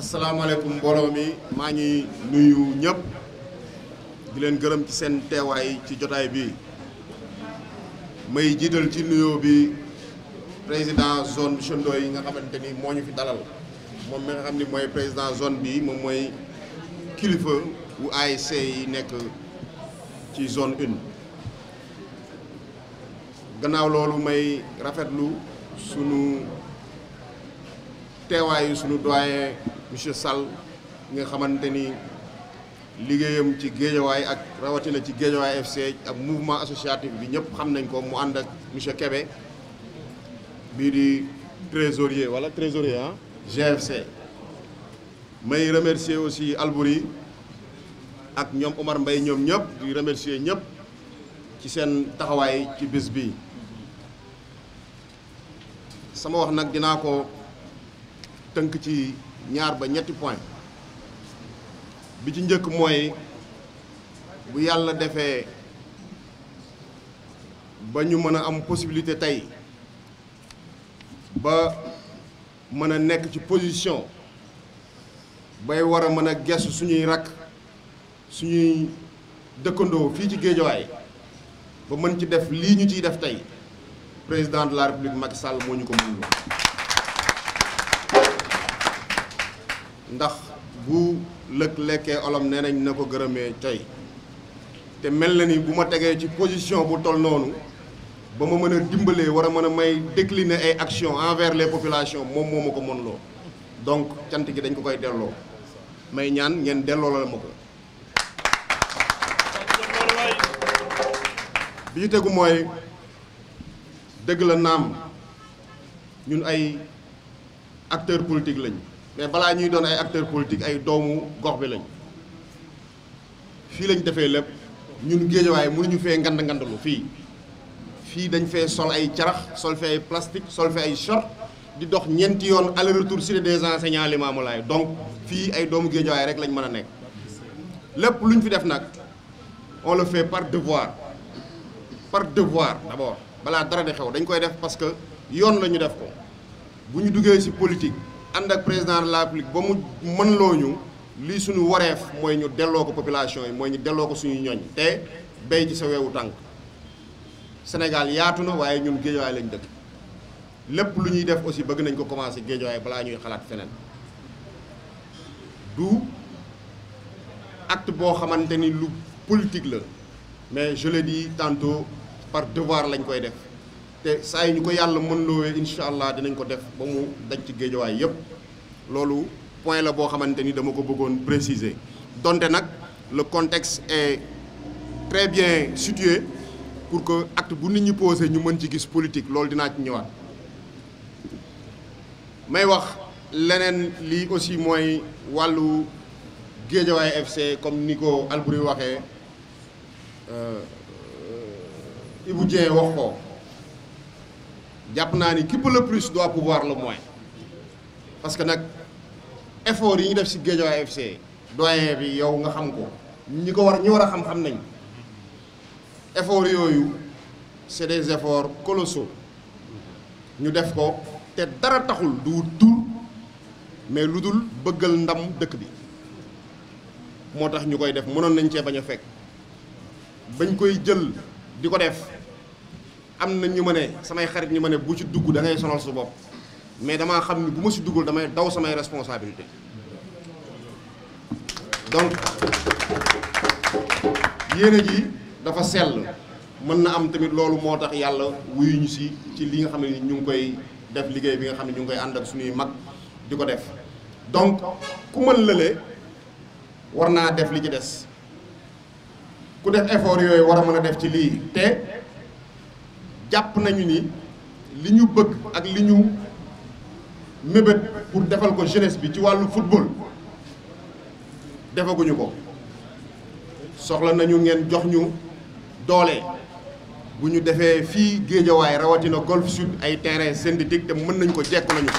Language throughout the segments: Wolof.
asalaamaaleykum mbooloo mi maa ngi nuyu ñépp di leen gërëm ci seen teewaay ci jotaay bi may jiital ci nuyoo bi président zone Monsieur yi nga xamante moo ñu fi dalal moom mi mooy président zone bi moom mooy kilifa wu aay ASC yi nekk ci zone une gannaaw loolu may rafetlu sunu teewaayu suñu doyen monsieur Sall nga xamante ni liggéeyam ci géejawaay ak rawatina ci géejawaay FC ak mouvement associative bi ñëpp xam nañ ko mu ànd ak monsieur Kébé bii di trésorier wala trésorier ah GFC may remercier aussi Albouri ak ñoom Omar mbay ñoom ñëpp di remercier ñëpp ci seen taxawaay ci bis bi sama wax nag dinaa ko tënk ci ñaar ba ñetti point bi ci njëkk mooy bu yàlla defee ba ñu mën a am possibilité tey ba mën a nekk ci position bay war a mën a gestu suñuy rakk suñuy dëkkandoo fii ci géejawaay ba mën ci def lii ñu ciy def tey président de la république Macky Sall moo ñu ko mën ndax bu lëg lekkee olom nee nañ na ko gërëmee tey te mel na ni bu ma tegee ci position bu tol noonu ba ma mën a dimbalee war a mën a may décliner ay actions envers les populations moom moo ma ko mën donc cant gi dañ ko koy delloo may ñaan ngeen delloo la ma ko bi ñu tegu mooy dëgg la naam ñun ay acteurs politiques lañ mais balaa ñuy doon ay acteurs politiques ay doomu gox bi lañ fii lañu defee lépp ñun géejawaay mënuñu fee ngand ngandalu fii fii dañ fee sol ay carax sol fee ay plastique sol fee ay short di dox ñeenti yoon aller retour cité des enseignants Limamou Laye donc fii ay doomu géejawaay rek lañ mën a nekk lépp lu ñu fi def nag on le fait par devoir par devoir d'abord balaa dara di xew dañ koy def parce que yoon la ñu def ko bu ñu duggee ci politique ànd ak président de la République ba mu mën loo ñu lii suñu wareef mooy ñu delloo ko population yi mooy ñu delloo ko suñu ñoñ te béy ci sa weewu tànk Sénégal yaatu na waaye ñun géejawaay lañ dëkk lépp lu ñuy def aussi bëgg nañ ko commencé géejawaay balaa ñuy xalaat feneen du acte boo xamante ni lu politique la mais je yi dis tantôt par devoir lañ koy def te saa yi ñu ko yàlla mën loowee incha allah dinañ ko def ba mu daj ci géejawaay yëpp loolu point la boo xamante ni dama ko bëggoon préciser donte nag le contexte et très bien situé pour que at bu nit ñi posé ñu mën ci gis politique loolu dinaa ci ñëwaat may wax leneen lii aussi mooy wàllu géejawaay FC comme ni ko Alboury waxee euh, Ibou Dieng wax ko jàpp naa ni qui peut le plus doit pouvoir le moins parce que nag effort yi ñu def si Guédiawaye c doyen bi yow nga xam ko ñi ko war ñi war a xam-xam nañ effort yooyu c'est des efforts colossaux ñu def ko te dara taxul du wut tur mais lu dul bëggal ndam dëkk bi moo tax ñu koy def mënoon nañ cee bañ a fekk bañ koy jël di ko def am na ñu ma ne samay xarit ñu ma ne bu ci dugg da ngay sonal su bopp mais damaa xam ni bu ma si duggul damay daw samay responsabilité donc yéene ji dafa sell mën na am tamit loolu moo tax yàlla wuyuñu si ci li nga xam ne ñu ngi koy def liggéey bi nga xam ne ñu ngi koy ànd ak suñuy mag di ko def donc ku mën lële war naa def li ci des ku def effort yooyu war a mën a def ci lii te jàpp nañu ni li ñu bëgg ak li ñu mébét pour defal ko jeunesse bi ci wàllu football defaguñu ko soxla nañu ngeen jox ñu doole bu ñu defee fii géejawaay rawatina golf sud ay di synthétique te mën nañu ko jekk nañu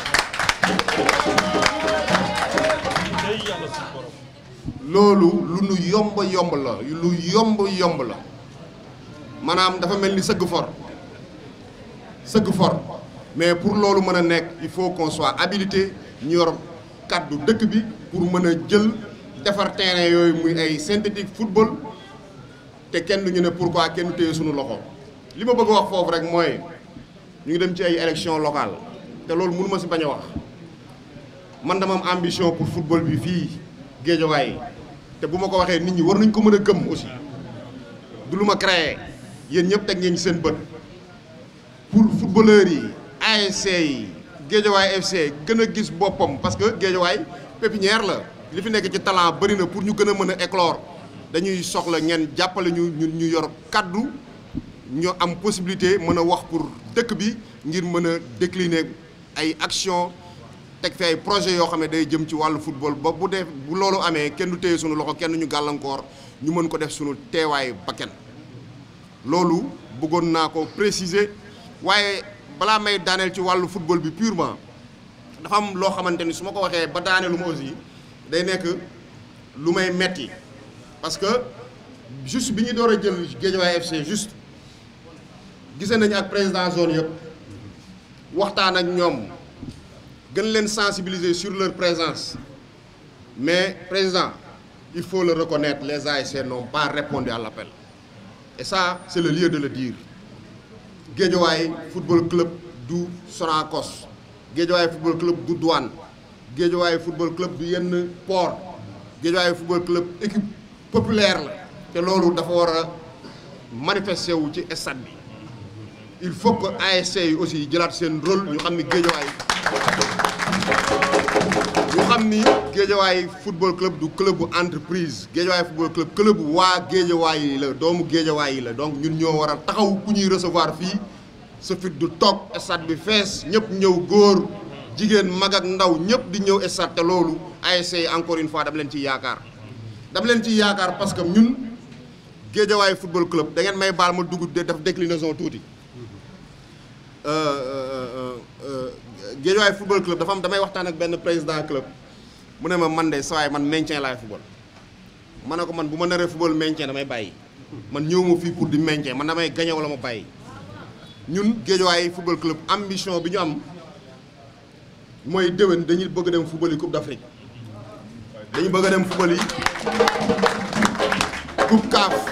loolu lu nu yomb yomb la lu yomb yomb la maanaam dafa mel ni sëgg for sëgg for mais pour loolu mën a nekk il faut qu'on abilité habilité ñu yor kàddu dëkk bi pour mën a jël defar terrain yooyu muy ay synthétique football te kenn ñu ne pourquoi kenn téye suñu loxo li ma bëgg wax foofu rek mooy ñu ngi dem ci ay élection locale te loolu mënu ma si bañ a wax man dama am ambition pour football bi fii Géejawaay te bu ma ko waxee nit ñi war nañ ko mën a gëmm aussi du lu ma créé yéen ñëpp teg ngeen seen bët. footballeurs yi ASC yi Guédiawaye FC gën a gis boppam parce que Guédiawaye pépinière la li fi nekk ci talant bëri na pour ñu gën a mën a éclore dañuy soxla ngeen jàppale ñu ñun ñu yor kàddu ñu am possibilité mën a wax pour dëkk bi ngir mën a décliner ay action teg fi ay projet yoo xam ne day jëm ci wàllu football ba bu dee bu loolu amee kenn du téye sunu loxo kenn ñu gàllankoor ñu mën ko def sunu teewaay bakken loolu bëggoon naa ko préciser waaye balaa may daaneel ci wàllu football bi purement dafa am loo xamante ni su ma ko waxee ba lu ma aussi day nekk lu may metti parce que juste bi ñuy door a jël Guédiawaye FC juste gisee nañu ak président zone yëpp waxtaan ak ñoom gën leen sensibiliser sur leur présence mais président il faut le reconnaître les ASC n'ont pas répondu à l'appel et ça c'est le lieu de le dire Guédiawaye football club du Sonacos Guédiawaye football club du douane Guédiawaye football club du yenn port Guédiawaye football club équipe populaire la te loolu dafa war a manifester wu ci stade bi il faut que ASC yi aussi jëlaat seen rôle ñu xam ni Guédiawaye ñu xam ni Géejawaay football club du club bu entreprise Géejawaay football club club waa Géejawaay yi la doomu Géejawaay yi la donc ñun ñoo war a taxaw ku ñuy recevoir fii sa fit du toog stade bi fees ñëpp ñëw góor jigéen mag ak ndaw ñëpp di ñëw stade te loolu ASC encore une fois dama leen ciy yaakaar dama leen ci yaakaar parce que ñun Géejawaay football club da ngeen may baal ma dugg de def déclinaison tuuti. Euh, euh, euh, Guédiawaye football club dafa am damay waxtaan ak benn président club mu ne ma man de sawaay man maintien laay football ma ne ko man bu ma naree football maintien may bàyyi man ñëw ma fii pour di maintien man damay gagné wala ma bàyyi ñun Guédiawaye football club ambition bi ñu am mooy déwén dañuy bëgg dem football yi coupe d'Afrique dañu bëgg a dem football yi coupe CAF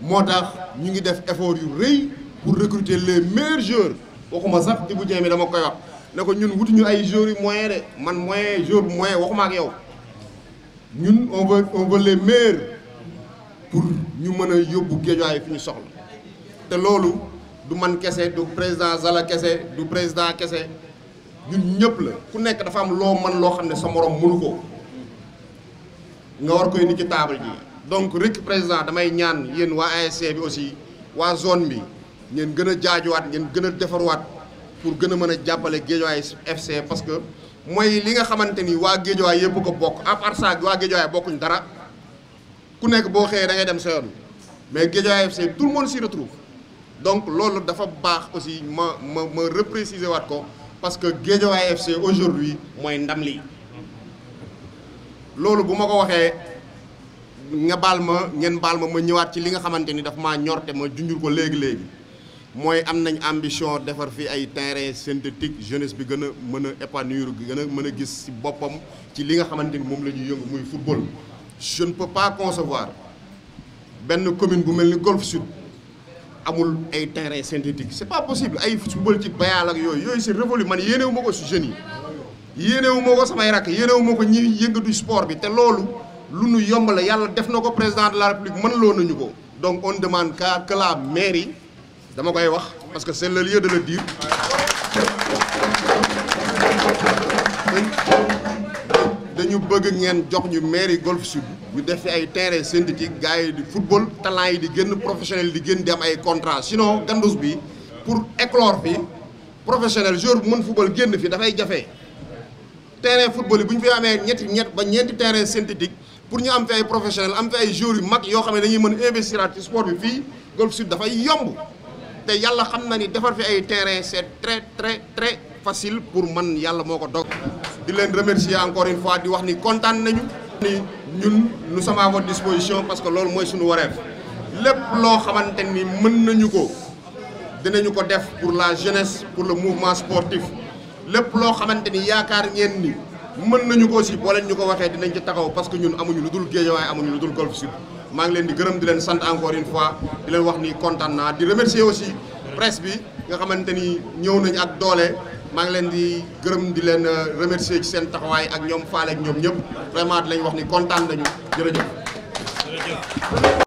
moo tax ñu ngi def effort yu rëy pour recruter les meilleurs joueurs waxuma sax bu Dieng mi dama koy wax ne ko ñun wutuñu ay joueurs yu moyen de man moyen joueur bu moyen waxuma yow ñun on veut on veut pour ñu mën a yóbbu Guédiawaye fi ñu soxla te loolu du man kese du président Zala kese du président kese ñun ñëpp la ku nekk dafa am loo man loo xam ne sa morom mënu ko nga war koy ni ci table ji donc rek président damay ñaan yéen waa ASC bi aussi waa zone bi ngeen gën a jaajuwaat ngeen gën a defarwaat pour gën a mën a jàppale Guédiawaye FC parce que mooy li nga xamante ni waa Guédiawaye yëpp ko bokk à part ça waa Guédiawaye bokkuñu dara ku nekk boo xëyee da dem sa yoon mais Guédiawaye FC tout le monde s'y retrouve donc loolu dafa baax aussi ma ma ma repréciser waat ko parce que Guédiawaye FC aujourd'hui mooy ndam lii loolu bu ma ko waxee nga baal ma ngeen baal ma ma ñëwaat ci li nga xamante ni daf maa ñorte ma junjur ko léegi-léegi mooy am nañ ambition defar fi ay terrain synthétique jeunesse bi gën a mën a épanouir gën a mën a gis ci boppam ci li nga xamante ni moom la ñuy yëngu muy football. je ne peux pas concevoir benn commune bu mel ni Golf Sud amul ay terrain synthétique c'est pas possible ay football ci bayaal ak yooyu yooyu c'est révolu man yéenewu ma ko si jeune yi yéenewu ma ko samay rakk yéenewu ko ñi yëngatu sport bi te loolu lu nu yomb la yàlla def na ko président de la république mën loo nañu ko donc on demande qu'à dama koy wax parce que c'est le lieu de le dañu bëgg ngeen jox ñu mairie Golf Sud ñu def fi ay terrain synthétique gars yi di football talent yi di génn professionnel di génn di ay contrat sinon gandus bi pour éclore fi professionnel joueur bu mën football génn fii dafay jafe. terrain football yi bu ñu fi amee ñetti ñett ba ñeenti terrain synthétique pour ñu am fi ay professionnel am fi ay joueurs yu mag yoo xam ne dañuy mën investir ci sport bi fii Golf Sud dafay yomb te yàlla xam na ni defar fi ay terrain c'est très très très facile pour man yàlla moo ko dog di leen remercier encore une fois di wax ni kontaan nañu ni ñun nous sommes à disposition parce que loolu mooy suñu wareef lépp loo xamante ni mën nañu ko dinañu ko def pour la jeunesse pour le mouvement sportif lépp loo xamante ni yaakaar ngeen ni mën nañu ko aussi boo ñu ko waxee dinañ ci taxaw parce que ñun amuñu lu dul Guédiawaye amuñu lu dul Golf Sud maa ngi leen di gërëm di leen sant encore une fois di leen wax ni kontaan naa di remercier aussi presse bi nga xamante ni ñëw nañu ak doole maa ngi leen di gërëm di leen remercier ci seen taxawaay ak ñoom faale ak ñoom ñëpp vraiment di lañ wax ni kontaan nañu jërëjëf.